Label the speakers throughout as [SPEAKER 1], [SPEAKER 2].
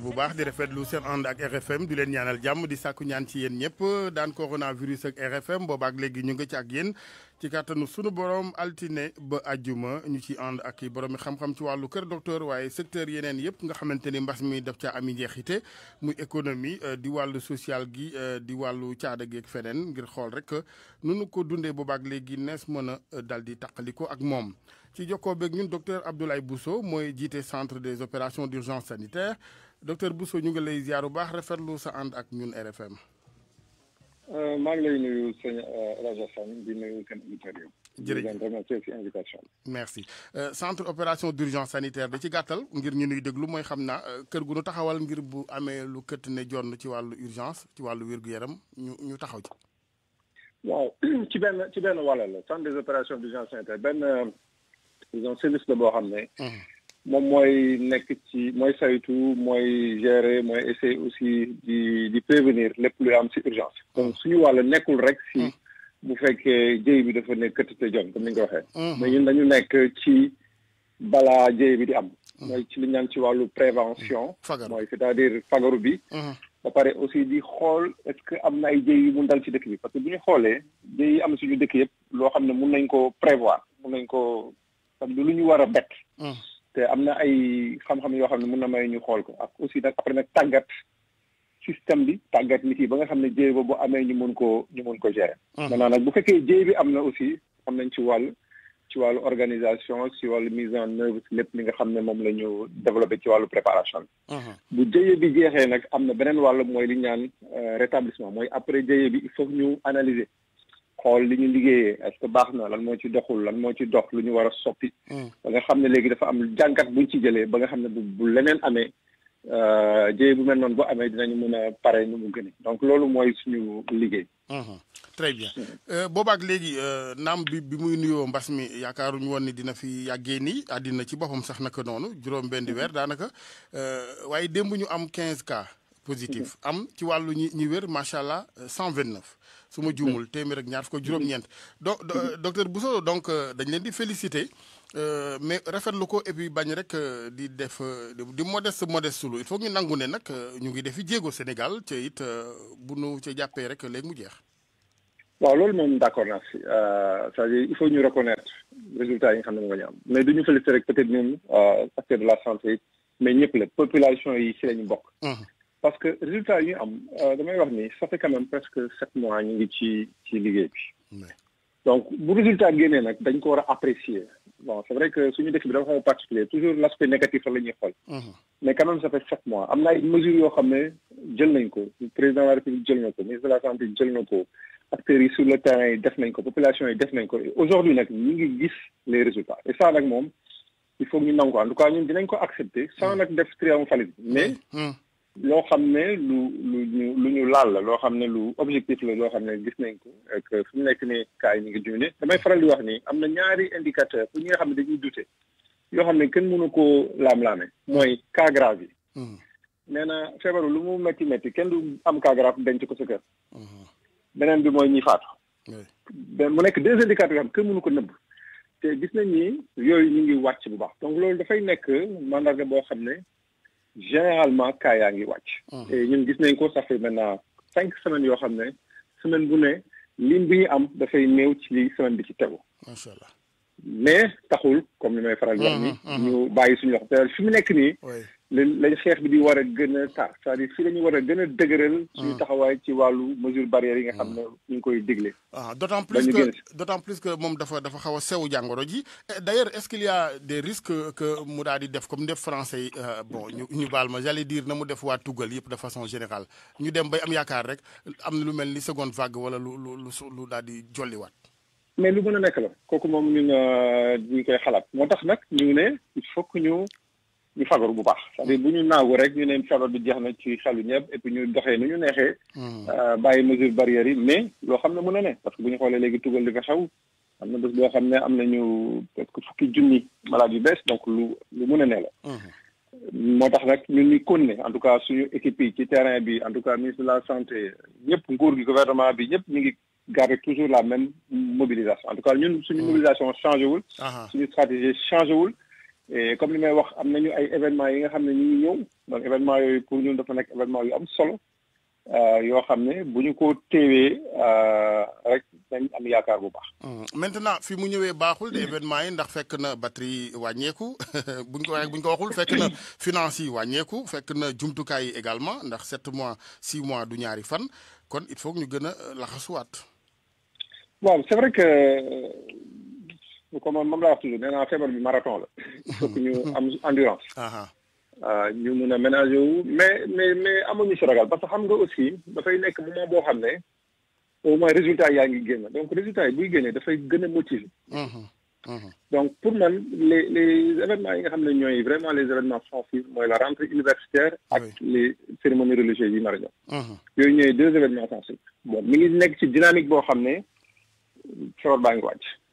[SPEAKER 1] bu baax di rafetlu seen ànd ak RFM di leen ñaanal jàmm di sàkku ñaan ci yéen ñëpp daan coronavirus ak RFM boobaak léegi ñu ngi ci ak yéen ci kàttanu sunu borom altine ba ajjuma ñu ci ànd ak borom xam-xam ci wàllu kër docteur waaye secteur yeneen yépp nga xamante ni mbas mi daf caa ami njeexite muy économie euh, di wàllu social gi euh, di wàllu caada gi ak feneen ngir xool rek euh, nu nu ko dundee boobaak léegi nees mën a dal di taqaliko ak moom. ci jokkoo beeg ñun docteur Abdoulaye Bousso mooy jiite centre des opérations d'urgence sanitaire docteur Bousso ñu ngi lay ziar bu baax rafetlu sa and ak ñun RFM.
[SPEAKER 2] Euh, maa ngi lay nuyu sëñ rajo euh, Sane di nuyu seen auditeurs yi. remercier ci invitation
[SPEAKER 1] merci euh, centre opération d' urgence sanitaire da ci gàttal ngir ñu nuy déglu mooy xam naa kër gu nu taxawal ngir bu amee lu këtt ne jonn ci wàllu urgence ci wàllu wér-gu-yaram ñu ñu taxaw ci.
[SPEAKER 2] waaw ci benn ci benn wàll la centre des opérations d' urgence sanitaire benn service la boo xam ne. Hum. moom mooy nekk ci mooy saytu mooy gérer mooy essayer aussi di di prévenir lépp luy am ci urgence mm. donc suñu wàll nekkul rek si mm. bu fekkee jëy bi dafa nekk këtt te jom comme ni nga ko waxee mm-hmm. mais dañu nekk ci balaa jëy bi di am mm. mooy ci lu ñu ci wàllu prévention mooy c'est-à-dire fagaru bi mm-hmm. ba pare aussi di xool est-ce que am na ay jëy yu mun dal ci dëkk bi parce que bu ñu xoolee jëy yi am suñu dëkk yëpp loo xam ne mun nañ ko prévoir mun nañ ko xam lu ñu war a bett te am na ay xam-xam yoo xam ne mun na may ñu xool ko ak aussi nag après nag tàggat système bi tàggat nit yi ba nga xam ne jéey ba bu amee ñu mun ko ñu mun ko gérer. Hum. maintenant nag bu fekkee jéey bi am na aussi am nañ ci wàll ci wàllu organisation ci wàllu mise en œuvre ci lépp li nga xam ne moom la ñu développé ci wàllu préparation hum. bu jéey bi jeexee nag am na beneen wàll mooy li ñaan euh, rétablissement mooy après jéey bi il faut ñu analyser. xool li ñu liggéeyee est-ce que baax na lan moo ci doxul lan moo ci dox lu ñu war a soppi. Hmm. ba nga xam ne léegi dafa am jàngat buñ ci jëlee ba nga xam ne bu bu leneen amee euh, jéey bu mel noonu bu amee dinañu mën a pare nu mu gënee donc loolu mooy suñu liggéey.
[SPEAKER 3] Hmm.
[SPEAKER 1] très bien hmm. euh, boobaak léegi euh, naam bi bi muy nuyoo mbas mi yaakaaruñu woon ni dina fi yàggee nii àddina ci boppam sax naka noonu juróom benn weer daanaka waaye démb ñu am quinze cas positif am ci wàllu ñi ñi wér macha allah 129. suma djumul témir ak ñaar fukk ak ñent mm-hmm. docteur Bousso donc euh, dañ leen di féliciter euh, mais rafetlu ko et puis bañ rek euh, di def di modeste modeste lu il faut ñu nangu ne nag ñu ngi defi jéego Sénégal ci it bu nu ci jappé rek léegi mu jeex.
[SPEAKER 2] waaw loolu moom d'accord naa si c'est-à-dire il faut ñu reconnaître résultat yi nga xam ne moom ñu am mais du ñu féliciter rek peut-être ñun acteur de la santé mais ñëpp la population yi si la ñu bokk. Mm-hmm parce que résultat yi ñu am damay wax ni ça fait quand même presque 7 mois ñu ngi ci ci liggéey bi. donc bu résultat génnee nak dañ ko wara apprécier bon c'est vrai que suñu dëkk bi dafa xaw a particulier toujours l'aspect négatif la ñuy xool. mais quand même ça fait 7 mois am na ay mesures yoo xam jël nañ ko le président de la république jël na ko ministre de la santé jël na ko acteurs sur le terrain yi def nañ ko population yi def nañ ko aujourd'hui nak ñi ngi gis les résultats et ça nak mom il faut ñu nangu en tout cas ñun dinañ ko accepter sans mmh. nak def triomphalisme mais. Mmh. Mmh. loo xam ne lu lu ñu lu laal la loo xam ne lu objectif la loo xam ne gis nañ ko ak fu mu nekk nii kaay ñu ngi junne damay faral di wax nii am na ñaari indicateur pour ñi nga xam ne dañuy dute yoo xam ne kenn mënu ko laam-laame mooy cas grave yi hmm. nee na feebaru lu mu métti metti kenn du am cas grave denc ko sa kër hmm. beneen bi mooy ñi faatu mu nekk deux indicateurs yoo xam kenn mënu ko nëbb te gis nañ ni yooyu ñu ngi wàcc bu baax donc loolu dafay nekk mandarga boo xam ne généralement cas yaa ngi wàcc. Mhm. et ñun gis nañ ko ça fait maintenant cinq semaines yoo xam ne semaine bu ne lim bi ñu am dafay néew ci li semaine bi ci tegu. macha allah mais taxul comme ni may faral di ni mhm, mhm. ñu bàyyi suñ loxo te fi mu nekk nii. lañ xeex bi di war a gën a tar c'est-à-dire fii la ñu war a gën a dëgëral. suñu hmm. taxawaay ci wàllu mesure barrière yi nga xam hmm. ne ñu ngi koy digle.
[SPEAKER 1] ah d' autant plus que d' autant plus que moom dafa dafa xaw a sew jàngoro ji d' ailleurs est ce qu' il y a des risques que mu daal di def comme def français yi euh, bon ñu ñu baal ma j'allais dire na mu def waa tugal yëpp de façon générale ñu dem bay am yaakaar rek am na lu mel ni seconde vague wala lu lu lu daal di jolliwaat.
[SPEAKER 2] mais lu mën a nekk la kooku moom euh, ñu ngi koy xalaat moo tax nag ñu ne il faut que ñu. Ni fagor goupa. Sade, bouni nan werek, ni nan yon chalot bi diyanet ki chalounyeb, epi ni yon dekhe, ni yon dekhe baye meziv baryeri, men, lò khamne mounene. Patske bouni kwa le legi tougel dekhe chawou. Mounen dekhe mounene, amnen yon petkou fuki djouni maladi bes, donk lò mounenene. Moun takwek, ni konne, an tou ka sou yon ekipi ki teren bi, an tou ka mis de la santé, nyep, ngour ki kouvertoman bi, nyep, ni gare toujou la men
[SPEAKER 3] mobilizasyon.
[SPEAKER 2] et eh, comme li may wax am nañu ay événements yi nga xam ne ñu ngi ñëw donc événement yooyu pour ñun dafa nekk événement yu am solo euh, yoo xam ne bu ñu ko téewee euh, rek dañ am yaakaar bu baax.
[SPEAKER 1] Hmm. maintenant fi mu ñëwee baaxul. de événement yi ndax fekk na batterie wàññeeku buñ ko buñ ko waxul fekk na finance yi wàññeeku fekk na jumtukaay yi également ndax sept mois six mois du ñaari fan kon il faut ñu gën a laxasuwaat.
[SPEAKER 2] waaw c'est vrai que comme moom laa wax toujours nee naa feebar bi marathon la. il faut ñu am endurance.
[SPEAKER 3] Ah,
[SPEAKER 2] ñu mun a ménager wu mais mais mais amuñu si ragal parce que xam nga aussi dafay nekk moment boo xam ne au moins résultat yaa ngi génn donc résultat yi buy génnee dafay gën a motiver. donc pour man les les événements yi nga xam ne ñooy vraiment les événements sensibles mooy la rentrée universitaire ak les cérémonies religieuses yi nar a ñëw. yooyu deux événements sensibles bon mi ngi nekk ci dynamique boo xam ne feebar baa ngi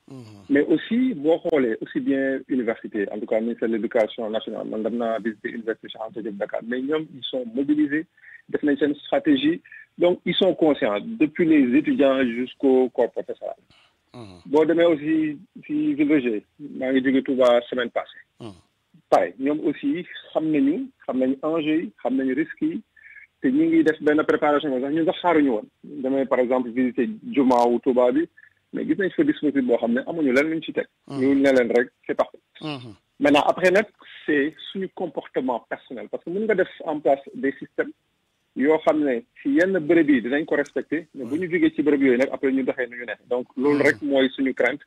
[SPEAKER 2] Mhm. mais aussi boo aussi bien université en tout cas ministère de l'Éducation nationale on a visité visiter université de de Dakar mais ils sont mobilisés def nañ une stratégie donc ils sont conscients depuis les étudiants jusqu'au corps professoral vous mhm. demain aussi si Villerejet que ngi tout la semaine passée mhm. pareil nous aussi xam nañu xam enjeux des risques yi te ñu ngi def benn préparation sax ñun par exemple visiter Juma ou Touba mais gis nañ fa dispositif boo xam ne amuñu lan lañ ci teg. Hum. ñu ne rek c'est parfait. Hum. maintenant après c'est sur le comportement personnel parce que nous, nga def en place des systèmes. yoo xam ne ci yenn bërëb yi danañ ko respecté mais bu ñu jógee ci bërëb yooyu nag après ñu doxee nu ñu ne donc loolu rek mooy suñu crainte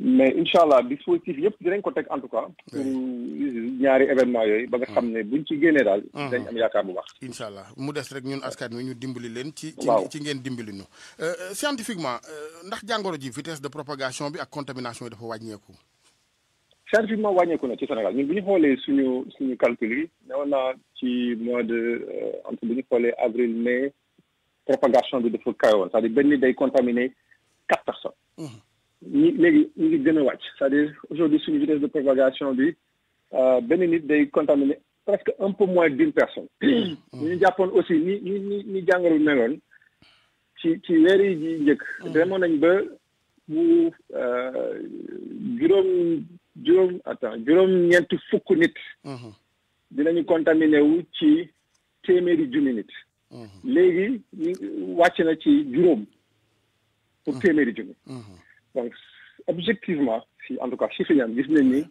[SPEAKER 2] mais incha allah dispositif yëpp dinañ ko teg en tout cas ñaari événement yooyu ba nga xam ne buñ ci génnee daal dañ am yaakaar bu baax
[SPEAKER 1] incha allah mu des rek ñun askan wi ñu dimbali leen ci ci ngeen dimbali nu euh, euh, scientifiquement euh, ndax jàngoro ji vitesse de propagation bi ak contamination yi dafa wàññeeku
[SPEAKER 2] scientifiquement wàññeeku na ci Sénégal ñun bu ñu xoolee suñu suñu calcul yi newoon ci mois de euh, entre bu ñu avril mai propagation bi dafa kayoon c'est-à-dire benn contaminé quatre personnes. Mhm. ñi ni ni ngi gën c'est-à-dire aujourd'hui suñu vitesse de propagation du euh, benn nit day contaminé presque un peu moins d'une personne. ni mhm. japon aussi ni ni ni ni jàngaru meloon ci ci wéri yi ji njëkk. Mhm. nañ ba bu euh juroom juroom attends juroom ñent fukk nit. dinañu contaminé wu ci téeméeri junni nit. léegi wàcc na ci juróom pour téeméeri junni. donc objectivement si en tout cas chiffres yi am gis nañ ni.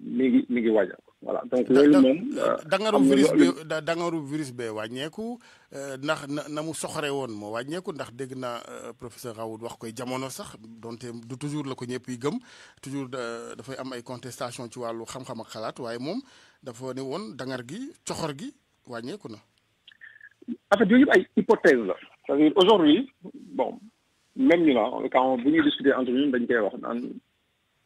[SPEAKER 2] mi ngi mi ngi wàññeeku voilà donc loolu moom. Euh, dangaru virus bi dangaru
[SPEAKER 1] virus bee wàññeeku euh, ndax na na mu soxore woon moo wàññeeku ndax dégg na euh, professeur Raoult wax koy jamono sax donte du toujours la ko ñëpp yi gëm toujours dafay am ay contestation ci wàllu xam-xam ak xalaat waaye moom dafa ne woon dangar gi coxor gi wàññeeku
[SPEAKER 2] na. en fait yooyu yëpp ay hypothèse la. c'est-à-dire aujourd'hui bon ñu la bu ñuy discuter entre ñun dañ koy wax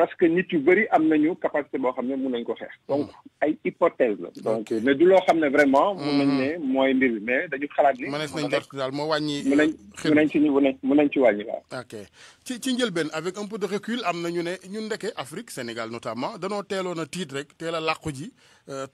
[SPEAKER 2] parce que nit yu capacité Donc, nañ ko hmm. donc ay hypothèse donc mais du vraiment hmm. nañ mais dañu ni nañ nañ nañ
[SPEAKER 1] ci ci avec un peu de recul ñun Afrique Sénégal notamment danoo teeloon a tiit rek ji euh,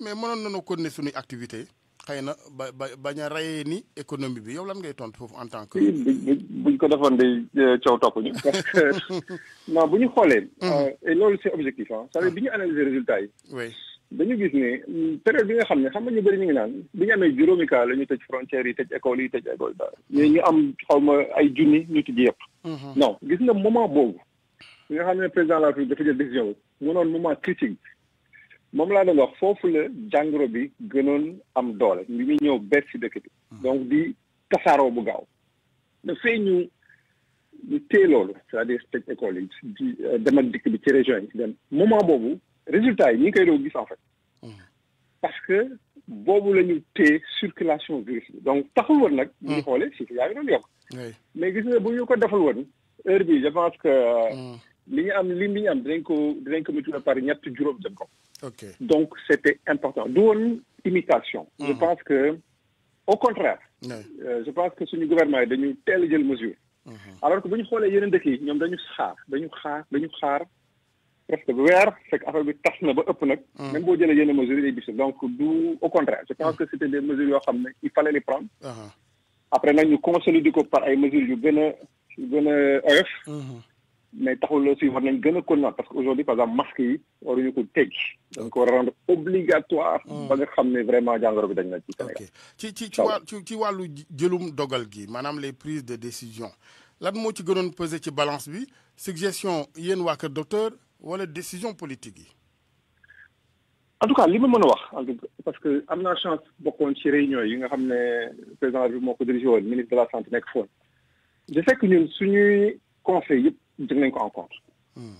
[SPEAKER 1] mais mënoon nous continuer suñuy activité xëy na ba ba bañ a rayee ni économie bi yow lan ngay tontu foofu en tant que.
[SPEAKER 2] buñ ko defoon day euh, coow topp ñu parce que non bu ñu xoolee. Mhm. Euh, et loolu c'est objectif ah. cest bi ñu analyser résultats yi. oui dañu gis ne hmm, bi nga xam ne xam nga ñu bëri ñu ngi naan bi ñu amee juróomi cas la ñu tëj frontières yi tëj école yi tëj école daal. Mhm. ñu am xaw ma ay junni ñu tijji yëpp. Mhm. non gis nga moment boobu. bi nga xam ne président de la République dafa jël décision bi mu moment critique moom laa doon wax foofu la jàngoro bi gënoon am doole li muy ñëw bees ci dëkk bi hmm. donc di tasaaroo bu gaaw dafay ñu ñu téye loolu c'est-à-dire tëj école yi di euh, dem dikk bi ci région yi dem moment boobu résultat yi ñu ngi koy doon gis en fait hmm. parce que boobu la ñu téye circulation virus bi donc taxul woon nag bu ñu hmm. xoolee si yaa ngi doon yokk mais gis nga bu ñu ko defal woon heure bi je pense que li ñu am lim bi ñu am dinañ ko dinañ ko mu multiplier par ñett juróom jëm ko Donc, c'était important. D'où une imitation. Je mm. pense que, au contraire, euh, je pense que ce gouvernement est devenu telle et mesure. Mm-hmm. Alors que, vous voyez, il dëkk yi dañu xaar même donc au contraire je pense mm. que c'était des mesures qu'il il fallait les prendre. Uh-huh. après nous consolider ko par les mesures mais taxul aussi war nañ gën a connaître parce que aujourd'hui par exemple masque yi waruñu ko teggi dañ ko rendre obligatoire hmm. ba nga xam ne vraiment jàngoro bi dañ na ci Sénégal ci ci ci wàll
[SPEAKER 1] ci wàllu jëlum dogal gi maanaam les prises de décision lan moo ci gënoon peser ci balance bi suggestion yéen waa Kër Docteur wala décision
[SPEAKER 2] politique yi en tout cas li ma mën a wax en tout parce que am naa chance bokkoon ci réunion yi nga xam ne président bi moo ko dirigé woon ministre de la santé nekk foon je sais que ñun suñuy conseil yëpp jël nañ ko en compte. Hmm.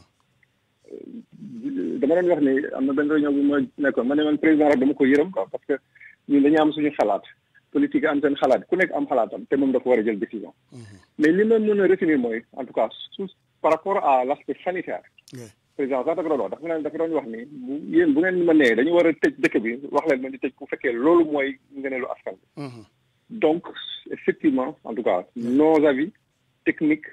[SPEAKER 2] Euh, dama leen wax ni am na benn réunion bu ma nekkoon ma ne man président rek dama ko yërëm quoi parce que ñun dañu am suñu xalaat politique am seen xalaat ku nekk am xalaatam te moom dafa war a jël décision. Hmm. mais li ma mën a retenir mooy en tout cas su par rapport à l' aspect sanitaire. président sax dafa doon wax dafa naan doon wax ni bu yéen bu ngeen ma nee dañu war a tëj dëkk bi wax leen ma di tëj ku fekkee loolu mooy ngëneelu askan bi. Hmm. donc effectivement en tout cas nos avis techniques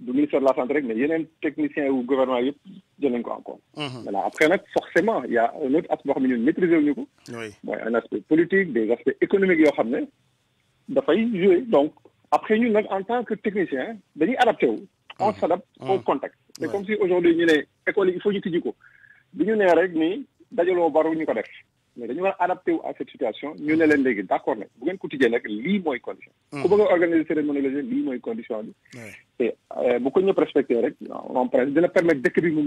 [SPEAKER 2] du ministère de la santé rek mais un technicien ou gouvernement yëpp jël nañ ko en compte. Mhm. après forcément, forcément y' a un autre aspect boo xam maîtriser au niveau, oui un aspect politique des aspects économiques il xam ne jouer donc après nous, en tant que technicien dañuy adapté on mhm. s'adapte au mhm. contexte. c'est comme si aujourd'hui ñu école il faut ñu tijji Nous, bi ñu nee rek ni dajaloo baru def mais dañu allons adapter à cette situation ñu ne leen D'accord, d' accord quotidien, bu ngeen ko tijjee condition. ku bëgg a organiser cérémonie lii mooy condition te eh, bu ko ñëpp respecté rek on presse dëkk bi mu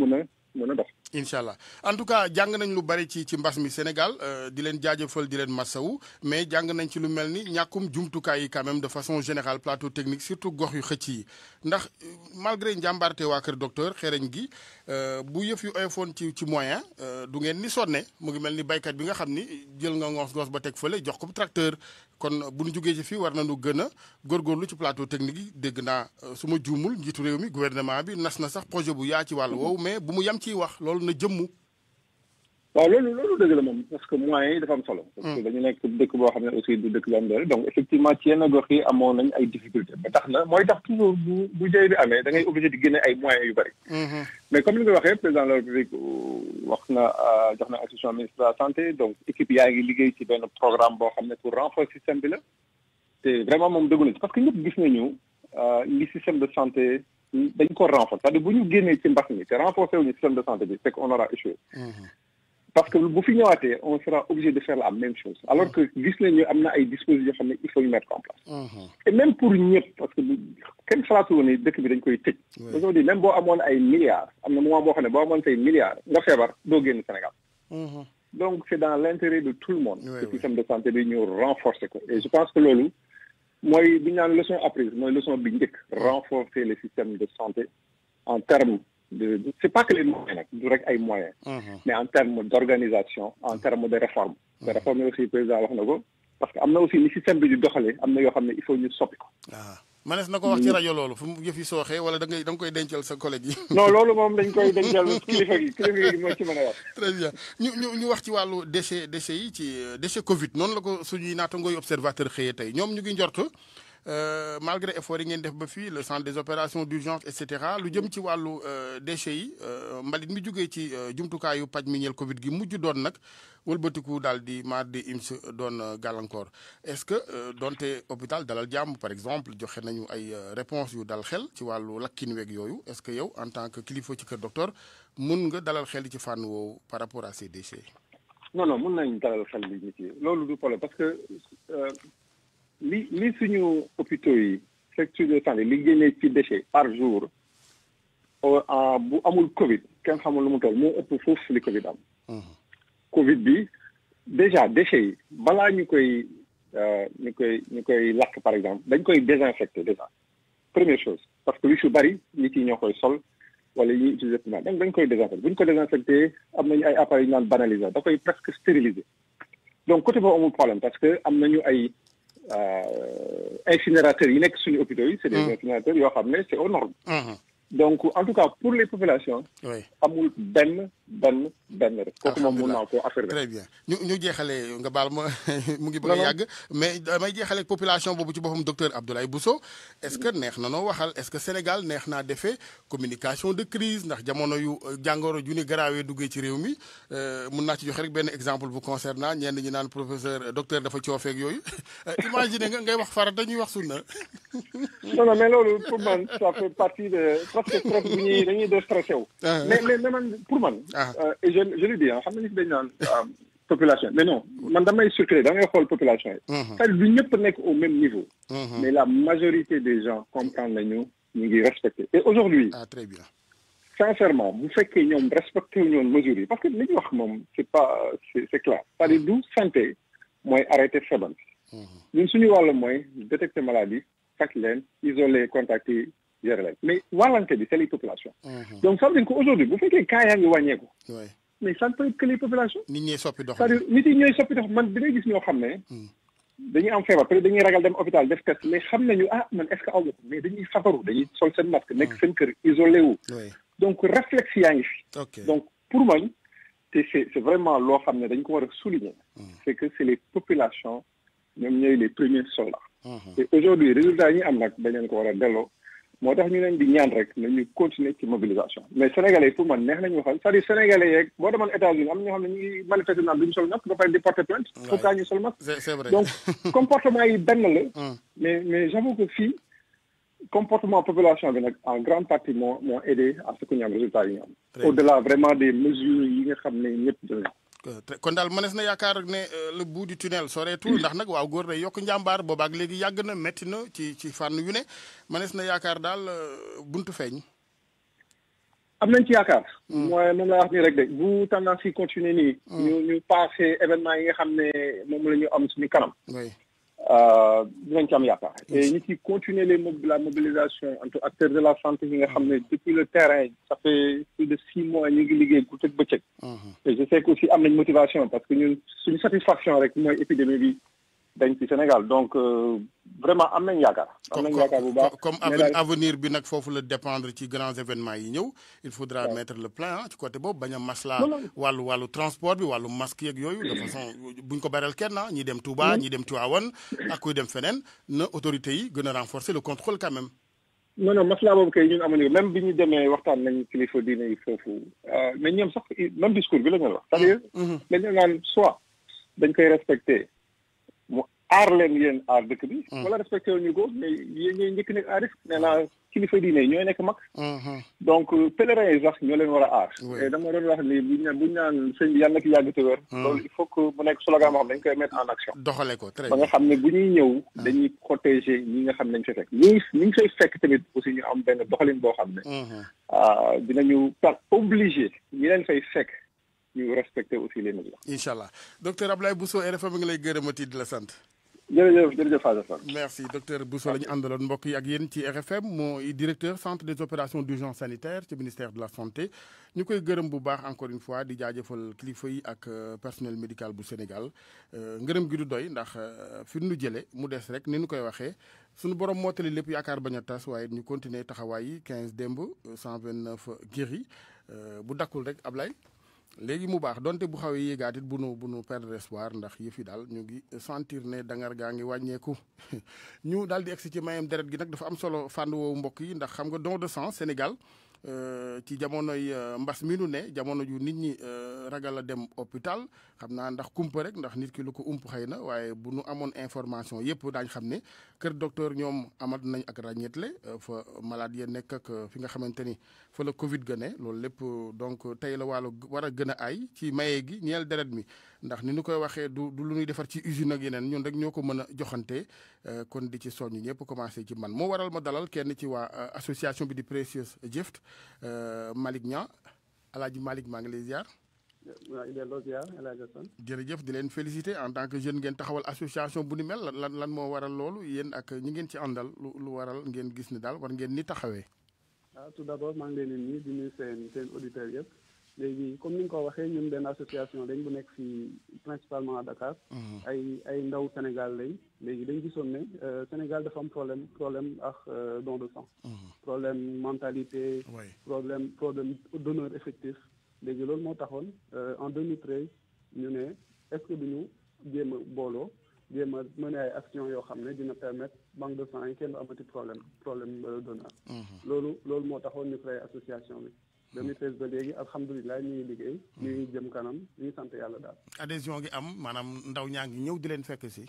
[SPEAKER 2] mën a dox.
[SPEAKER 1] incha allah en tout cas jàng nañ lu bari ci ci mbas mi Sénégal euh, di leen jaajëfal di leen masawu mais jàng nañ ci lu mel ni ñàkkum jumtukaay yi quand de façon général plateau technique surtout gox yu xëcc yi ndax euh, malgré njàmbaarte waa kër docteur xereñ gi euh, bu yëf yu oyofoon ci ci moyen du ngeen ni sonne mu ngi mel ni baykat bi nga xam ni jël nga ngoos ngoos ba teg fële jox ko tracteur kon bu ñu jugee ci fii war nañu gën a góorgóorlu ci plateau technique yi dégg naa djumul juumul njiitu mi gouvernement bi nas na sax projet bu ya ci wàll woowu mais bu mu yam ci wax lolou na
[SPEAKER 2] jëmmu. wa lolou lolou deug la mom parce que moyens yi dafa am solo. Hmm. parce que dañu nek dëkk bo xam aussi du dëkk bu am donc effectivement ci yenn gox yi amoon nañ ay difficultés ba tax na mooy tax toujours bu bu jëy bi amee da ngay obligé di génne ay moyens yu bari hmm. mais comme li nga waxee président de la République euh, wax na euh, jox na instruction ministre de la santé donc équipe yaa ngi liggéey ci ben programme bo xam pour renforcer système bi la te vraiment mom deugul parce que ñëpp gis nañu les euh, système de santé dañ renforcer c'est-à-dire bu ñu génnee ci mbas mi renforcer système de santé c'est qu'on aura échoué mhm. parce que bu fi ñëwaatee on sera obligé de faire la même chose alors que gis nañu am na ay dispositions mais il faut y mettre en place mhm. et même pour ñëpp parce que quand ça tourne ni dëkk bi dañ koy tëj aujourd'hui même boo amoon ay milliards am na moment boo xam ne boo amoon say milliards nga feebar doo Sénégal mhm. donc c'est dans l'intérêt de tout le monde le système de santé de ñu renforcer quoi et je pense que loolu moi, je nan leçon apprise une leçon bi renforcer le système de santé en termes de c'est pas que les moyens du rek moyens mhm. mais en termes d'organisation en termes de réforme Les mhm. réforme aussi aussi président wax nako parce que y a aussi ni système bi di amna il faut ñu soppi ah.
[SPEAKER 1] manees na ko wax ci rajo loolu fu mu yëf yi sooxee wala da ngay da nga koy dencal sa collègue yi. non
[SPEAKER 2] loolu moom dañ koy dencal kilifa
[SPEAKER 1] moo ci mën a bien ñu ñu ñu wax ci wàllu déchet déchet yi ci euh, déchet Covid noonu la ko suñuy naatangooy observateur xëyee tey ñoom ñu ngi njort Euh, malgré effort yi ngeen def ba fi le centre des opérations d'urgence et cetera lu jëm ci walu euh, déchets yi euh, mbalit mi jógee ci yu paj mi ñël Covid gi mujj doon nak wëlbatiku daldi di maar di IMS doon gàllankoor est-ce que donté hôpital Dalal Jàmm par exemple joxé nañu ay réponses yu dal xel ci walu lakkin wek yoyu est-ce que yow en tant que kilifa ci kër docteur mën nga dalal xel ci fan
[SPEAKER 2] wo par rapport à ces déchets. non non mën nañ dalal xel li nit yi du problème parce que li li suñu hôpitaux yi structure de santé li génnee ci déchet par jour bu amul Covid kenn xamul lu mu toll moo ëpp foofu li Covid am. Covid bi déjà déchets yi balaa ñu koy euh, ñu koy ñu koy lakk par exemple dañ koy désinfecter déjà première chose parce que lu su bari nit yi ñoo koy sol wala ñuy utiliser pour donc dañ koy désinfecter bu ñu ko désinfecter am nañu ay appareils yu naan banaliser da koy presque stériliser donc côté boobu amul problème parce que am nañu ay. Euh, incinérateurs yi nekk suñu hôpitaux yi. c'est des incinérateurs yoo xam ne c'est aux normes. donc en tout cas pour les populations. oui amul ben ben ben rek. kooku moom affaire très bien
[SPEAKER 1] ñu ñu jéxalé nga bal ma mu ngi bëgg a mais damay jéxalé population bobu ci boppam docteur Abdoulaye Bousso. est ce que neex na no waxal est ce que Sénégal neex na défé communication de crise ndax jamono yu euh, jangoro ju ni garaawee duggee ci réew mi euh, mun na ci jox rek ben exemple bu concernant ñen ñi nan professeur euh, docteur dafa ak yoyu imagine nga ngay wax farata ñuy wax sunna. non non
[SPEAKER 2] mais lolu pour man ça fait partie de parce que stress bu ñuy dañuy stressé wu. Ah, mais mais mais man pour man. Ah. Euh, et je je lui dis ah xam nga nit dañ euh, population mais non man damay da ngay xol population yi. c'est-à-dire mhm. ñëpp au même niveau. Mhm. mais la majorité des gens comprennent nañu ñu ngi respecté et aujourd'hui ah très bien. sincèrement bu fekkee ñom respecté wu ñoon mesures parce que li ñu wax mom c'est pas c'est c'est clair Par les dire du santé mooy arrêté feebar. Mhm. ñun suñu wàll moy détecter maladie faj leen isoler contacter yore mais wàllante bi c'est les populations. Mhm. donc ça veut dire que aujourd'hui bu fekkee cas yaa ngi wàññeeku. mais ça ne peut être que les populations. nit ñooy soppi dox c'est-à-dire nit yi ñooy soppi dox man dangay gis ñoo xam ne. Hmm. dañuy am feebar après dañuy ragal dem hôpital def test mais xam nañu ah man est-ce que awu mais dañuy fafaru dañuy sol sen masque nek hmm. sen kër isolé wu. donc réflexe yaa ngi fi. donc pour moi te c'est c'est vraiment lo xamné dañ ko wara souligner. Hmm. c'est que c'est les populations ñoom ñooy les premiers soldats. et aujourd'hui résultat yi am nak dañ ko wara délo moo tax ñu leen di ñaan rek ñu continuer ci mobilisation mais sénégalais pour man neex nañu waxal cest dire sénégalais yeeg boo demoon États-Unis am na ñoo xam ne ñu ngi manifester naan duñu sol masque ba pare di porter plainte pourquoi ñu sol masque donc comportement yi benn la mm. mais mais j'avoue que fii comportement population bi nag en grande partie moo moo aidé à ce que ñu am résultat yi ñu am au-delà vraiment des mesures yi nga xam ne ñëpp dinañ
[SPEAKER 1] kon daal mënees na yaakaar ne euh, le bout du tunnel soreetul ndax nag waaw góor day yokk njàmbaar boobaak léegi yàgg na metti na ci ci fànn yu ne mënees na yaakaar daal euh,
[SPEAKER 2] buntu feeñ. am nañ ci yaakaar. Hmm. mooy moom la wax ni rek de bu tendance yi continuer nii. Hmm. ñu ñu passé événement yi nga xam ne moom la ñu am suñu kanam euh, et nous qui continuons les la mobilisation entre acteurs de la santé, mm-hmm. depuis le terrain, ça fait plus de six mois, nous mm-hmm. Et je sais aussi il une motivation parce que nous, c'est une satisfaction avec moi, épidémie dañ ci Sénégal donc euh, vraiment am nañ yaakaar. am nañ yaakaar bu baax comme avenir
[SPEAKER 1] bi nag foofu la dépendre ci grands événements yi ñëw. il faudra mettre le plan hein, ci côté boobu bañ a maslaa. wàllu wàllu transport bi wàllu masque yeeg yooyu. de façon buñ ko beral kenn hein, ñi dem Touba mm-hmm. ñi dem Tivaouane ak kuy dem feneen na autorité yi gën a renforcer le contrôle quand même.
[SPEAKER 2] non non masla boobu kay ñun amuñu même bi ñu demee waxtaan nañu kilifa diine yi foofu. Euh, mais ñoom sax même discours bi la ñu wax. c'est-à-dire mm-hmm. Mm-hmm. dañu naan soit dañ koy respecter. aar leen yéen aar dëkk bi. Hmm. wala respecté wu ñu ko mais yéen njëkk nekk à risque nee naa kilifa diine yi ñooy nekk mag. Hmm. donc euh, pèlerins yi sax ñoo leen war a aar. te dama doon wax ni bu ñu naan bu ñu naan sëñ bi yàlla na ki yàgg te wér. Hmm. loolu il faut que dañ koy mettre en action. doxale ko très ba nga xam ne bu ñuy ñëw. dañuy protéger ñi nga xam ne dañ fay fekk ñi ñu ngi fay fekk tamit aussi ñu am benn doxalin boo xam ne. Ah, ñu par obligé ñi leen fay fekk. ñu respecter aussi les mesures.
[SPEAKER 1] incha allah docteur Abdoulaye Bousso RFM mi ngi lay gërëmati di la sant.
[SPEAKER 2] jërëjëf jërëjëf
[SPEAKER 1] merci docteur Bousso la ñu àndaloon mbokk yi ak yéen ci RFM mooy directeur centre des opérations d'urgence sanitaire ci ministère de la santé ñu koy gërëm bu baax encore une fois di jaajëfal kilifa yi ak euh, personnel médical bu Sénégal euh, ngërëm gi du doy ndax euh, fi nu jëlee mu des rek ni nu koy waxee suñu borom mottali lépp yaakaar bañ a tas waaye ñu continuer taxawaay yi 15 démb 129 guéris bu dakkul rek Ablaye. léegi mu baax donte bu xawee a yéegaatit bu nu bu nu perdre espoir ndax yëf yi daal ñu ngi sentir ne dangar gaa ngi wàññeeku ñu daal di egsi ci mayam deret gi nag dafa am solo fànn woowu mbokk yi ndax xam nga don de sang Sénégal Euh, ci jamonoy euh, mbas mi nu ne jamono ju nit ñi euh, ragal a dem hôpital xam naa ndax kumpa rek ndax nit ki lu ko ump xëy na waaye bu nu amoon information yëpp daañ xam ne kër docteur ñoom amat nañ ak le fa malade ya nekk fi nga xamante ni fa la Covid ga ne loolu lépp donc tey la wàllu war a gën a aay ci maye gi ñeel deret mi. ndax ni ñu koy waxee du du lu ñuy defar ci usine ak yenen ñun rek ñoko mëna mën euh, kon di ci soñu ñëpp commencé ci man mo waral ma dalal kenn ci wa euh, association bi di Precious Gift euh, Malik Niang Aladji malik ma ngi lay ziar jërëjëf di leen félicité en tant que jeune ngeen taxawal association bu ni mel lan lan moo waral loolu yéen ak ñi ngeen ci àndal lu waral ngeen gis ni daal war ngeen ni taxawee
[SPEAKER 4] ah, tout d'abord maa ngi leen di nuyu seen seen léegi comme ni nga ko waxee ñun benn association dañ bu nekk fii principalement à Dakar. Mhm. ay ay ndaw Sénégal lañ. léegi dañ gisoon ne euh, Sénégal dafa am problème problème ak euh, don de sang. Mhm. problème mentalité. problème problème donneur effectif. léegi loolu moo taxoon euh, en 2013 ñu ne est-ce que du ñu jéem a booloo jéem a mener ay action yoo xam ne dina permettre banque de sang yi kenn amati problème problème donneur. Mhm. loolu loolu moo taxoon ñu créé association bi. 2013 ba léegi alhamdulilah ñu ngi liggéey. Hmm. ñu ngi jëm kanam ñu ngi sant yàlla daal.
[SPEAKER 1] adhésion gi am maanaam ndaw ñaa ngi ñëw di leen fekk si.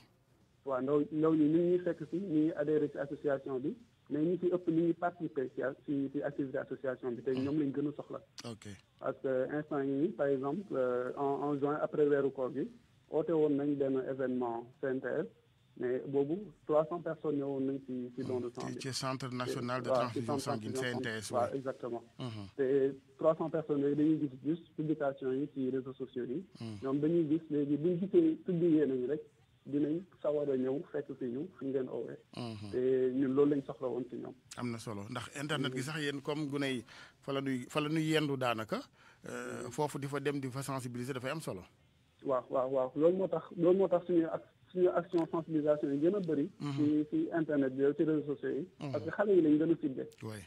[SPEAKER 4] waaw ndaw ndaw ñi ñu ngi fekk si ñu ngi adhéré si association bi mais ñi ci ëpp ñu ngi participé si si activité association bi te hmm. ñoom lañ gën a soxla. ok parce que instant yii par exemple euh, en en juin après weeru koor gi oote woon nañ benn événement CNTS mais 300 personnes hmm, ci centre national de transfusion sanguine exactement. 300 hmm, hmm. personnes dañuy gis publication réseaux sociaux yi. dañuy rek dinañ ñu ñun loolu
[SPEAKER 1] lañ internet comme fa la nuy fa la nuy yendu euh, dem sensibiliser
[SPEAKER 4] am solo. waaw waaw waaw suñu action sensibilisation yi gën a bëri. Mhm. ci ci internet bi ci réseaux sociaux yi. Mhm. parce que xale yi lañ gën a ciblé.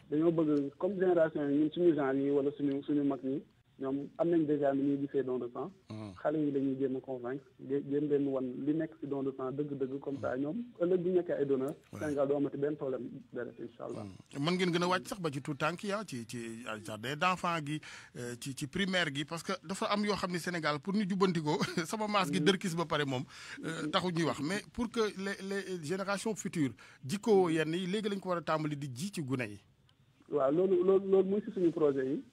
[SPEAKER 4] dañoo bëgg comme génération yi ñun suñu genre yi wala suñu suñu mag ñi. ñoom am nañ déjà ni ñuy gisee don de sang. Hmm. xale yi dañuy jéem a convaincre jéem leen wan li nekk si don de sang dëgg-dëgg comme ça ñoom ëllëg bu nekkee ay donneur. Sénégal doo amati benn problème deret incha allah. Hmm.
[SPEAKER 1] mën ngeen gën a wàcc sax ba ci tout tànk ya ah, ci ci jardin ah, d'enfant gi euh, ci ci primaire gi parce que dafa am yoo xam ne Sénégal pour ñu jubbantikoo sama maas gi hmm. dërkis ba pare moom. Euh, taxu ñuy wax mais pour que les les générations futures jikkoo yenn yi léegi lañ ko war a tàmbali di ji ci gune yi.
[SPEAKER 4] waaw loolu loolu loolu mooy si suñu projet yi.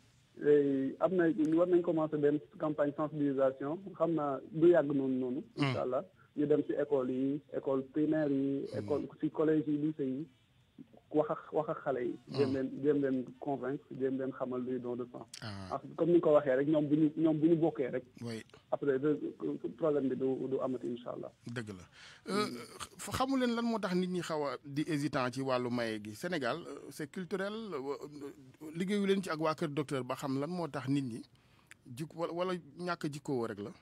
[SPEAKER 4] Eh, am na war nañ commencé benn campagne sensibilisation xam naa du yàgg noonu noonu. Hmm. incha allah ñu dem ci école yi école primaire yi. Hmm. école si collège yi lycée yi. wax ak wax ak xale yi. Hmm. jéem leen jéem leen convaincre jéem xamal luy don de ah. comme ni nga ko waxee rek ñoom bu ñu ñoom bu ñu bokkee rek. oui après problème bi du du amati incha allah.
[SPEAKER 3] dëgg la
[SPEAKER 1] euh, xamu leen lan moo tax nit ñi xaw a di hésitant ci wàllu maye gi Sénégal euh, c'est culturel euh, liggéeyu leen ci ak waa kër docteur ba xam lan moo tax nit ñi jik wala ñàkk jikkoo rek la.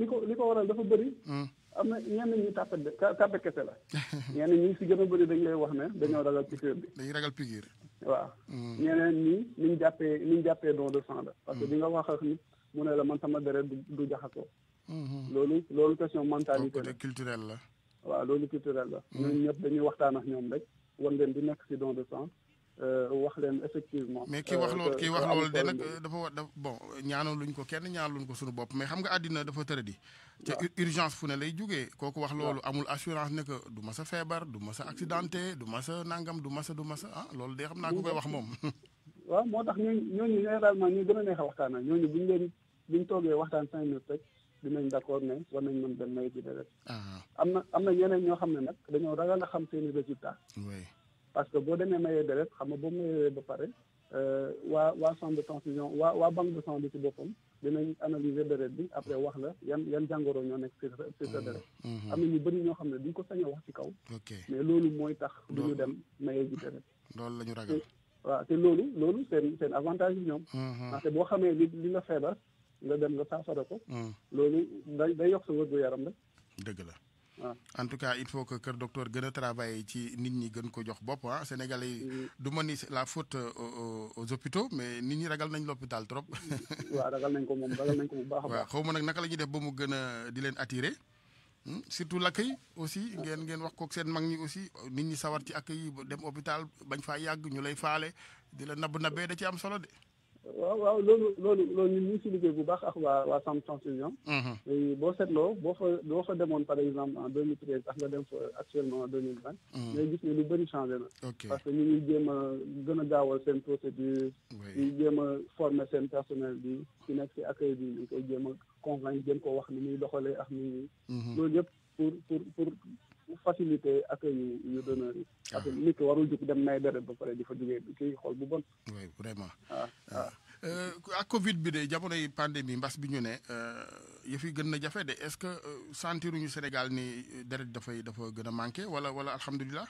[SPEAKER 4] li ko li ko waral dafa bëri. Hmm. am na ñenn ñi tàppet de tàppet kese la ñenn ñi si gën a bëri dañ lay wax ne dañoo ragal piqûre bi dañuy ragal piqûre waaw hmm. ñeneen ñi niñ jàppee niñ jàppee don de sang la parce que hmm. di nga wax a nit mu ne la man sama deret du du jaxasoo hmm. loolu loolu question mentalité la culturelle la waaw loolu culturelle la ñun ñëpp dañuy waxtaan ak ñoom rek war ngeen di nekk si don de sang Euh, wax leen effectivement. mais ki wax euh, loolu ki wax loolu de dafa
[SPEAKER 1] war dafa bon ñaanaluñ ko kenn ñaanaluñ ko sunu bopp mais xam nga àddina dafa tëradi. te urgence fu ne lay jugee. kooku wax loolu amul assurance ne que du ma sa feebar du ma sa accidenté du ma sa nangam du ma sa du ma sa ah
[SPEAKER 4] loolu de xam naa ko koy wax moom. waaw moo tax ñooñu ñooñu généralement ñu gën a neex a waxtaan ak ñooñu buñ leen buñ toogee waxtaan cinq minutes rek dinañ d' accord ne war nañ mën dem may dina rek. Ah. am na am na ñeneen ñoo xam ne nag dañoo ragal a xam seen i résultats. parce que boo demee mayee deret xam nga boo mayee ba pare euh, waa waa centre de transfusion waa waa banque de sang bi ci boppam dinañ analyser deret bi après wax la yan yan jàngoro ñoo nekk ci sa deret mm-hmm. am na ñu bëri ñoo xam ne duñ ko sañ a wax ci kaw mais loolu mooy tax du ñu dem mayee ji deret loolu la ñu ragal waaw te loolu loolu seen seen avantage bi ñoom ndaxte mm-hmm. boo xamee li li nga feebar nga dem nga saafara ko mm. loolu day day yokk sa wér gu yaram la
[SPEAKER 5] dëgg la
[SPEAKER 1] en tout cas il faut que le Docteur gëna travailler ci nit ñi gën ko jox bop hein ah. Sénégalais duma mm-hmm. du ni la faute euh, euh, aux hôpitaux mais nit ñi ragal nañ l'hôpital trop. Mm-hmm.
[SPEAKER 4] wa ragal nañ ko mom ragal nañ ko bu baax a baax.
[SPEAKER 1] waaw nak ma naka la def ba mu di leen attirer. Hmm, surtout l'accueil aussi ngeen ngeen wax kook seen mag ñi aussi nit ñi sawar ci accueil dem hôpital bañ fa yàgg ñu lay faale di la nab nabé da ci am solo de.
[SPEAKER 4] waaw waaw loolu loolu loolu ñun ñu ngi si liggéey bu baax ak waa waa Samb transfusion. Mm-hmm. boo seetloo boo fa boo fa demoon par exemple en 2013 ak nga dem fa actuellement en 2020. ngay mm-hmm. gis ne lu bëri changé na. parce que ñu ngi jéem a gën a gaawal seen procédure. ñu jéem a former seen personnel bi ci nekk si accueil bi ñu koy jéem a convaincre jéem ko wax ni muy doxalee ak ni. Mm-hmm. loolu yëpp pour pour pour. facilité accueil yu yu donneur yi. Ah. parce que nit ki warul jug dem nay deret ba pare di fa jugee kii xool bu bon.
[SPEAKER 1] oui vraiment. waaw ah, ah. euh, ak Covid bi de jamonoy pandémie mbas bi ñu ne euh, yëf fi gën na jafe de est-ce que euh, ñu Sénégal ni deret dafay dafa gën a manqué wala wala alhamdulilah.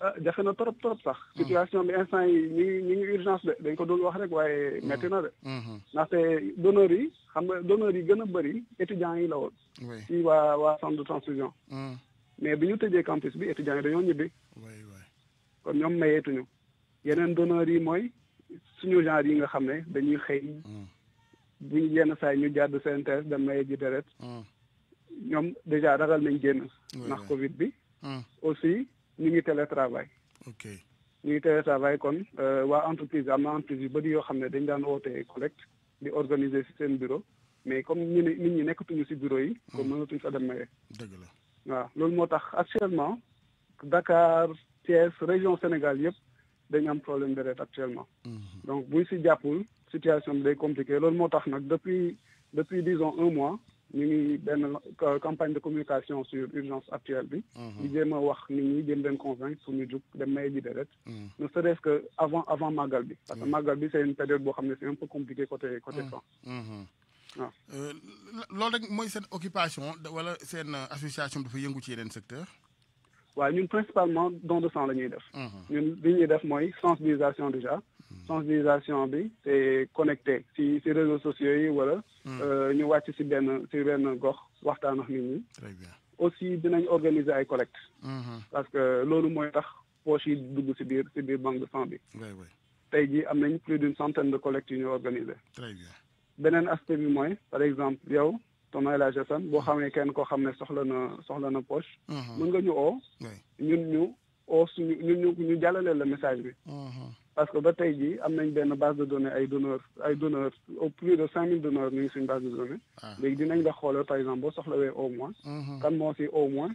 [SPEAKER 4] ah jafe na trop trop sax. Hmm. situation bi instant yi ñu ñu urgence de dañ ko dul wax rek waaye métti hmm. na de. Hmm. ndaxte donneurs yi xam nga donneurs yi gën a bëri étudiants yi la woon. waa mais bi ñu tëjee campus bi étudiants yi dañoo ñibbi. kon ñoom mayeetuñu yeneen donneurs yi mooy suñu genre yi nga xam ne dañuy xëy. Hmm. bu ñu yenn saa ñu jàdd seen test dem maye ji deret. Hmm. ñoom déjà ragal nañ génn. ndax Covid bi. Hmm. aussi ñu ngi télétravail. ok ñu ngi télétravail kon euh, waa entreprise am na entreprise yu bëri yoo xam ne dañ daan wootee collecte di organiser si seen bureau mais comme ñu ne nit ñi nekkatuñu ci bureau yi. kon mënatuñ fa dem maye. dëgg la. actuellement Dakar Thiès région Sénégal yëpp am problème de actuellement. Mhm. donc situation est compliquée. depuis depuis disons un mois nous avons une campagne de communication sur l'urgence actuelle bi. Mhm. wax convaincre de mhm. ne que avant avant parce que c'est une période un peu compliqué côté côté France
[SPEAKER 3] waaw ah. euh,
[SPEAKER 1] loolu rek mooy seen occupation wala seen euh, association dafa yëngu ci yeneen secteur
[SPEAKER 4] waaw ñun principalement don de sang la ñuy def. ñun li ñuy def mooy sensibilisation déjà. sensibilisation bi c'est connecté ci ci réseaux sociaux yi wala. Euh, ñu wàcc ci benn ci benn gox waxtaan ak nit ñi. très bien aussi dinañ organiser ay collecte. parce que loolu mooy tax poche yi dugg ci biir ci biir banque de sang bi. tey jii am nañ plus d'une centaine de collectes yu ñu organiser très bien. beneen aspect bi mooy par exemple yow tonton El Hadj Assane boo xamee kenn koo xam ne soxla na soxla na poche. Mhm. mën nga ñu oo. ñun ñu oo suñu ñu ñu jàllaleel la message bi. Mhm. parce que ba tey jii am nañ benn base de données ay donneurs ay donneurs au plus de cinq mille donneurs ñu ngi suñ base de données. Ah. léegi dinañ la xoolal par exemple boo soxlawee au moins. Mhm. kan moo si au moins.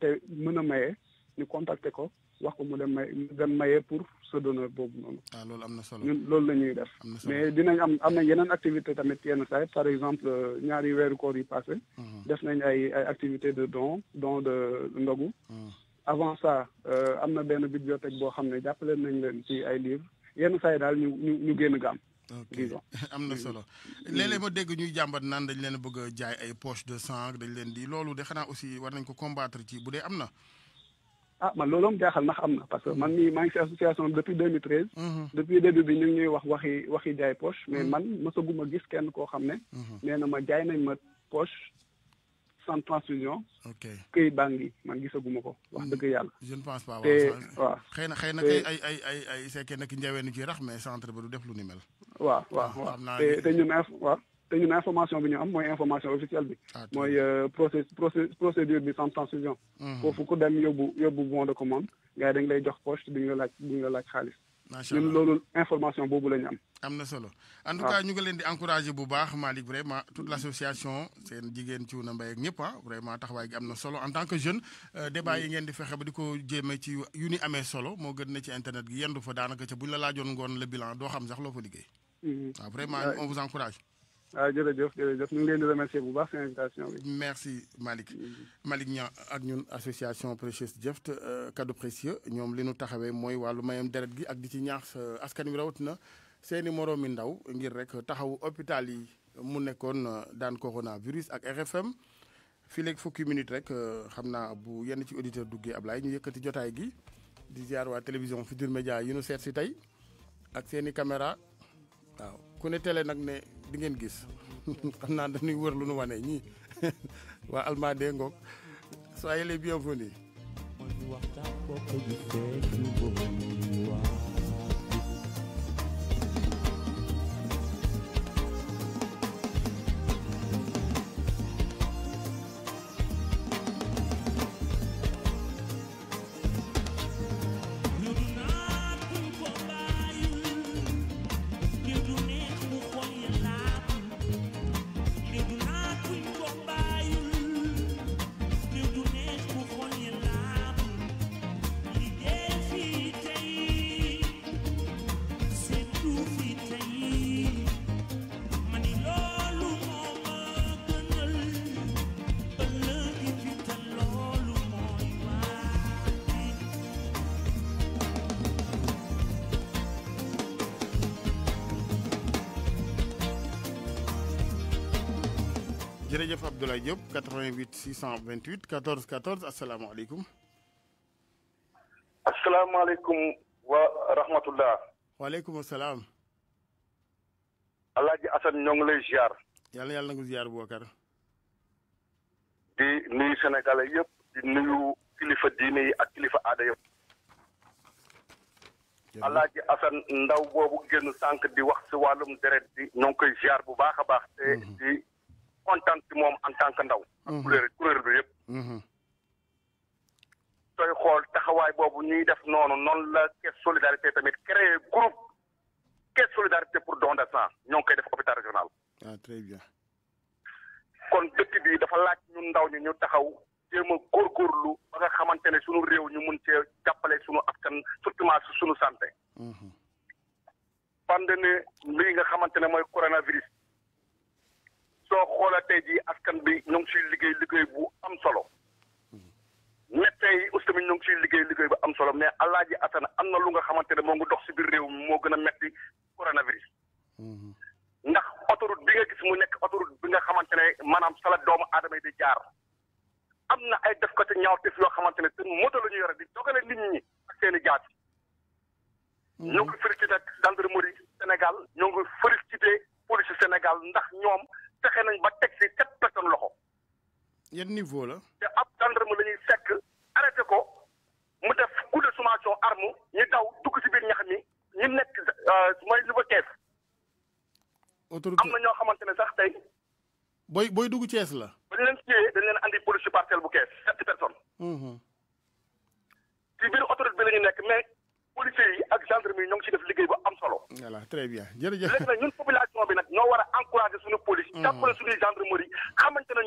[SPEAKER 4] te mën a maye. ñu contacté ko wax ko mu dem may dem maye pour sa donneur boobu noonu.
[SPEAKER 1] ah loolu am na solo ñun
[SPEAKER 4] loolu la ñuy def. mais dinañ am am nañ yeneen activité tamit yenn saa par exemple euh, ñaari weeru koor yi passé. Hmm. def nañ ay ay activités de don don de ndogu. Hmm. avant ça euh, am na benn bibliothèque boo xam ne jàppale nañ leen ci ay livres yenn saa yi daal ñu ñu ñu génn gaam. ok am na solo
[SPEAKER 1] léeg-léeg ma dégg ñuy jàmbat naan dañ leen bëgg jaay ay poche de sang dañ leen di loolu de xanaa aussi war nañ
[SPEAKER 4] ko combattre ci bu dee am na ah man parce que man association depuis 2013. Mhm. depuis début bi ñu ñuy wax poche. mais mhm. man gis kenn ne. Mhm. na ma poche sans transfusion. ok man je ne pense pas waaw. na te ñun information bi ñu am mooy information officielle bi ah, mooy euh, process procédure bi sans transfusion mm-hmm. foofu ku dem yóbbu yóbbu bon de commande gars dañ lay jox poche duñu la laaj duñu la laaj xaalis ñun loolu information boobu la ñu am.
[SPEAKER 1] am na solo en tout ah. cas ñu ngi leen di encourager bu baax Malick vraiment toute l' association seen jigéen Thiouna ak ñëpp ah vraiment taxawaay gi am na solo en tant que jeune. Euh, débat yi ngeen di fexe ba di ko jéeme ci yu ni amee solo moo gën na ci internet gi yendu fa daanaka ca bu ñu la laajoon ngoon le bilan doo xam sax loo fa liggéey. waaw mm-hmm. ah, vraiment on vous encourage. Merci ah, jërëjëf ñu merci Malik mm-hmm. Malik ñan ak ñun association Précieuse Jeff, cadeau précieux li ñu mayam gi ak di ci euh, rek taxawu hôpital yi mu euh, ak RFM fi de fukki rek euh, bu auditeur ñu gi di télévision Futur Média ñu caméra ku ne télé nag ne di ngeen gis xam naa dañuy wër lu nu wane ñii waa Almadies ngoog soyez les bienvenus jërëjëf Abdoulaye Diop 88 628 14 14
[SPEAKER 3] wa
[SPEAKER 5] rahmatullah.
[SPEAKER 1] waaleykum salaam.
[SPEAKER 5] El Allah Assane ñoo ngi lay ziar. ziar di nuyu sénégalais di nuyu kilifa diine yi ak kilifa aada Allah alaaji asan ndaw di wax si deret bi koy ziar bu baax a baax kontaan moom en tant que ndaw. ak kuréel kuréel bi yëpp. Mhm. sooy xool taxawaay boobu ñuy def noonu noonu la caisse solidarité tamit créé groupe caisse solidarité pour don de sang ñoo ngi koy def hôpital régional. ah très bien. kon dëkk bi dafa laaj ñun ndaw ñi ñu taxaw ma kor a lu ba nga xamante ne sunu réew ñu mun cee jàppale sunu askan surtout sunu santé. Mhm. pandémie lii nga xamante ne mooy coronavirus. soo xoolee tey jii askan bi ñu ngi liggéey liggéey bu am solo médecins yi aussi tamit ñu ngi liggéey liggéey bu am solo mais Alaaji Assane am na lu nga xamante ne moo ngi dox si biir réew mi moo gën a metti coronavirus. Mhm. ndax autoroute bi nga gis mu nekk autoroute bi nga xamante ne maanaam sala doomu aadama yi di jaar am na ay def ko ci ñaawteef yoo xamante ne seen moto lañu ñu yore di dogale nit ñi ak seen i jaat. Mhm. ñoo ngi félicité gendarmerie Sénégal ñoo ngi félicité police Sénégal ndax ñoom. fexe nañ ba teg si sept personnes loxo.
[SPEAKER 1] yan niveau la.
[SPEAKER 5] te ab gendarme la ñuy fekk arrêté ko mu def coup de sommation arme ñu daw dugg si biir ñax mi ñu nekk euh, mooy niveau Thiès.
[SPEAKER 3] autorité am na ñoo
[SPEAKER 5] xamante ne sax tey.
[SPEAKER 1] booy booy dugg cees la.
[SPEAKER 5] ba ñu leen téye dañ leen andi police parcelle bu Thiès sept personnes. ci biir autorité bi la ñu nekk mais. policiers yi ak gendarmerie ñoo ngi ci def liggéey bu bi nag ñoo war a encourager suñu police. Mm-hmm. jàppale suñuy ne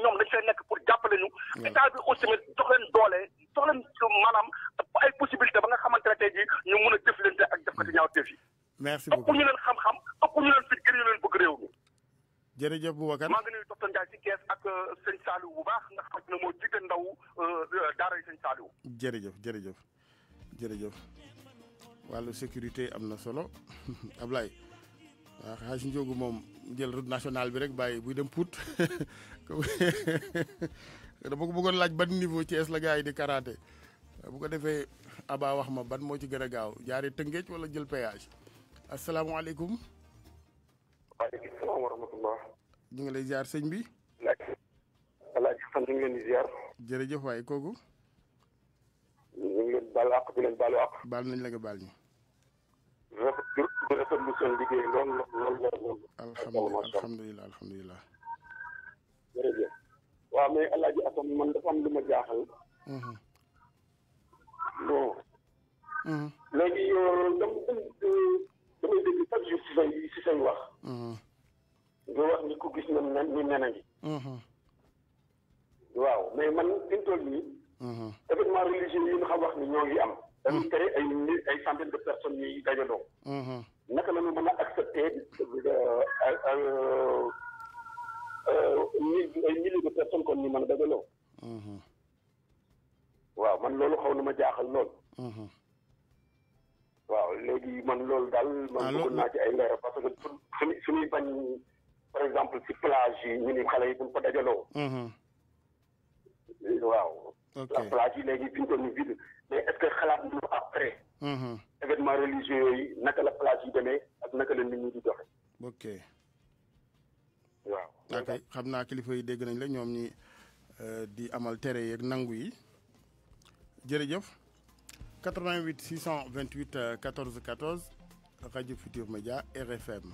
[SPEAKER 5] ñoom dañ fay nekk pour jàppale ñu. état bi aussi tamit jox ay possibilité ba nga xamante ne tey jii ñu mun a jëflante ak jëfkati ñaawteef yi.
[SPEAKER 1] merci beaucoup ñu
[SPEAKER 5] leen xam-xam ëpp ñu leen fit gën ñu leen bëgg réew mi.
[SPEAKER 1] jërëjëf Boubacar maa ngi nuyu
[SPEAKER 5] docteur Ndiaye ci kees ak euh, sëñ Saliou bu baax nga xam ne moo jiite ndaw euh, euh, daara yi sëñ Saliou.
[SPEAKER 1] jërëjëf jërëjëf jërëjëf wàllu sécurité am na solo Ablaye waaw xaaj njóogu moom jël route nationale bi rek bàyyi buy dem Pout dama ko bëggoon laaj ban niveau Thiès la gars yi di karaté bu ko defee Aba wax ma ban moo ci gën a gaaw jaaree Tëngéej wala jël péage asalaamaaleykum.
[SPEAKER 5] waaleykum salaam
[SPEAKER 1] ñu ngi lay jaar sëñ bi.
[SPEAKER 5] laaj. laaj sant
[SPEAKER 1] jërëjëf waaye kooku.
[SPEAKER 5] baalu àq bu leen baalu àq.
[SPEAKER 1] baal nañ la nga baal ñu.
[SPEAKER 5] di rafetlu seen liggéey lool lool lool.
[SPEAKER 1] alhamdulilah alhamdulilah
[SPEAKER 5] alhamdulilah. jërëjëf. waaw mais El Hadj Assane man dafa am lu ma jaaxal. Mhm. bon. Mhm. léegi euh, dama damay dégg chaque jour si sa si say wax. Mhm. nga wax ni ku gis na ni nena ngi. waaw mais man fi mu Mhm. événement religieux yi nga xam wax ni ñoo ngi am. Mhm. dañuy tere ay nit ay centaines de personnes yuy dajaloo. Mhm. naka la ñu mën a accepter euh, euh, euh, mille ay de personnes kon ñu mën a dajaloo. waaw man loolu xaw na ma jaaxal lool. waaw léegi man loolu daal. man ah, bëggoon naa ci ay leer parce que suñuy suñuy bañ par exemple ci plage yi ñu ni xale yi buñ ko dajaloo. waaw. la place yi léegi fi ñu vide mais est ce que xalaat nous après. Mhm. événement religieux yoy naka la place yi demee ak naka la nit ñi di doxé ok. waaw
[SPEAKER 1] ok xamna kilifa yi dégg nañ la ñom ñi euh, di amal tere yeeg nangu yi 88 628 14 14 Radio Futur Media, RFM.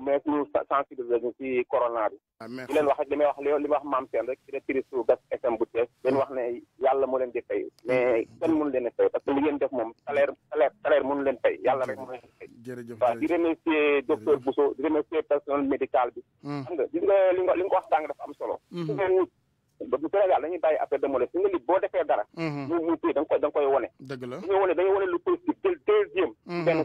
[SPEAKER 5] mais ku sensibiliser ñu ci corona bi.
[SPEAKER 3] Ah, di leen wax
[SPEAKER 5] li ma wax maam seen rek directrice su Gas FM bu Thiès leen wax ne yàlla moo leen di fay
[SPEAKER 3] mais
[SPEAKER 1] mm-hmm.
[SPEAKER 5] kenn mënu leen a parce que li def moom salaire salaire salaire leen fay yàlla rek mënu leen fay. di remercier docteur Bousso di remercier personnel médical bi. Mm. li nga li nga wax sànq dafa am solo. ba mm-hmm. nga li boo defee dara mm-hmm. mu mu téye da koy da koy wone
[SPEAKER 3] da koy
[SPEAKER 5] wone lu positif jël deuxième benn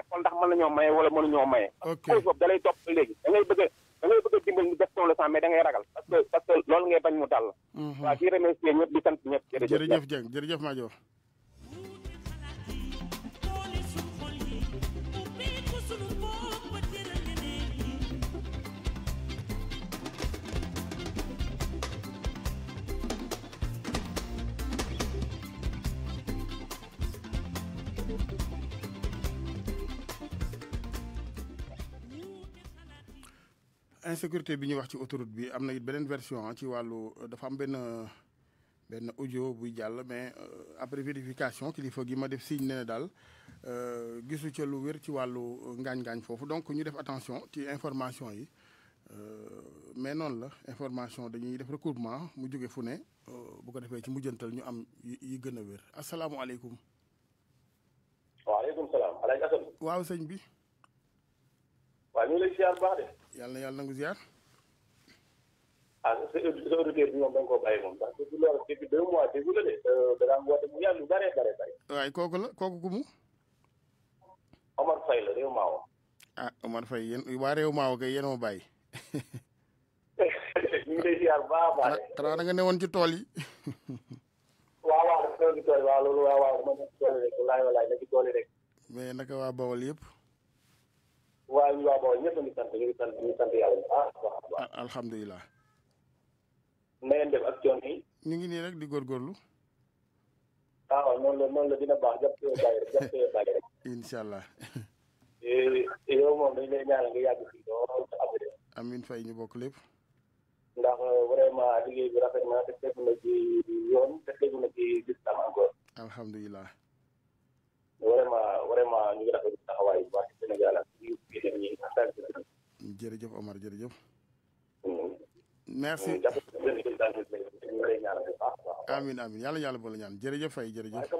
[SPEAKER 5] mën nañoo maye wala mënuñoo maye. ok cause boobu da léegi da ngay bëgg a da ngay bëgg a dimbali mu def son le sang mais ragal parce que parce que bañ mu dal. waa mhm. di remercier ñëpp di sant ñëpp. jërëjëf
[SPEAKER 1] jërëjëf Madior insécurité bi ñu wax ci autoroute bi am na it beneen version ci wàllu euh, dafa am benn benn audio buy jàll mais euh, après vérification kilifa gi ma def signe ne daal euh, gisu ca lu wér ci wàllu ngaañ-ngaañ foofu donc ñu def attention ci information yi mais noonu la information dañuy def recoupement mu jóge fu ne bu ko defee ci mujjantal ñu am yi gën a wér asalaamualeykum.
[SPEAKER 5] waaleykum salaam El Hadj Assane. waaw sëñ bi. waaw ñu lay ziar baax de.
[SPEAKER 1] yàlla yàlla nangu ziar.
[SPEAKER 5] ah sa sa auditeur bi moom da nga koo bàyyi moom parce que bu loolu depuis deux euh, yàlla lu bëree bëri bëri.
[SPEAKER 1] waaye kooku la kooku ku mu.
[SPEAKER 5] Omar Faye la réew Maawa.
[SPEAKER 1] ah Omar Faye yéen waa réew Maawa kay yéen a ma bàyyi.
[SPEAKER 5] ñu ngi lay ziar bu baax a
[SPEAKER 1] baax. newoon ci tool yi.
[SPEAKER 5] waaw waaw da nga newoon ci ci tool rek walaay walaay
[SPEAKER 1] na ci waa Bawol yëpp.
[SPEAKER 5] waaw ñu waa booy ñëpp ñu ngi sant ñu ngi sant ñu ngi a baax. alhamdulilah. na def ak coono yi.
[SPEAKER 1] ñu ngi nii rek di góorgóorlu.
[SPEAKER 5] Ah, waaw noonu la noonu la dina baax jàpp see bàyyi rek jàpp
[SPEAKER 1] see allah.
[SPEAKER 5] Eh, eh, yow moom dañ lay ñaanal ngi yàgg si lool
[SPEAKER 1] fay ñu bokk lépp.
[SPEAKER 5] ndax euh, vraiment liggéey bi rafet na te tegu na ci yoon te tegu na ci lislam encore.
[SPEAKER 1] alhamdulilah.
[SPEAKER 5] vraiment vraiment ñu ngi rafetlu taxawaay bu baax ci
[SPEAKER 1] jërëjëf Omar jërëjëf. Mm-hmm. merci mm-hmm. amin amin yàlla yàlla boole ñaan jërëjëf Faye jërëjëf.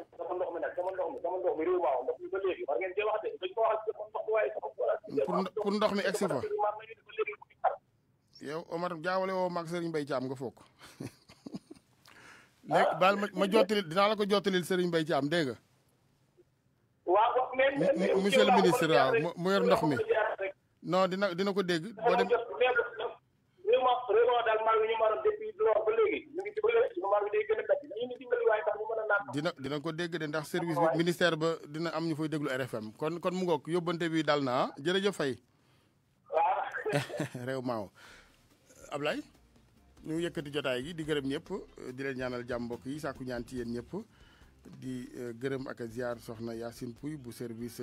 [SPEAKER 5] pour ndox mi egsi fa.
[SPEAKER 1] yow Omar jaawale woo mag Serigne Mbaye Thiam nga foog. Ah, léegi baal ma ma jottali dinaa la ko jottalil Serigne Mbaye Thiam dégg nga.
[SPEAKER 5] monsieur le ministre
[SPEAKER 1] waaw mu yor ndox mi no dina dina ko dégg boo dem dina dina ko dégg de ndax service bi ministère ba dina am ñu fay déglu RFM kon kon mu ngoog yóbbante bi dal naa jërëjëf Faye réew maaw Ablaye ñu yëkkati jotaay gi di gërëm ñëpp di leen ñaanal jàmm mbokk yi sàkku ñaan ci yéen ñëpp di euh, gërëm ak a ziar soxna Yacine Pouy bu service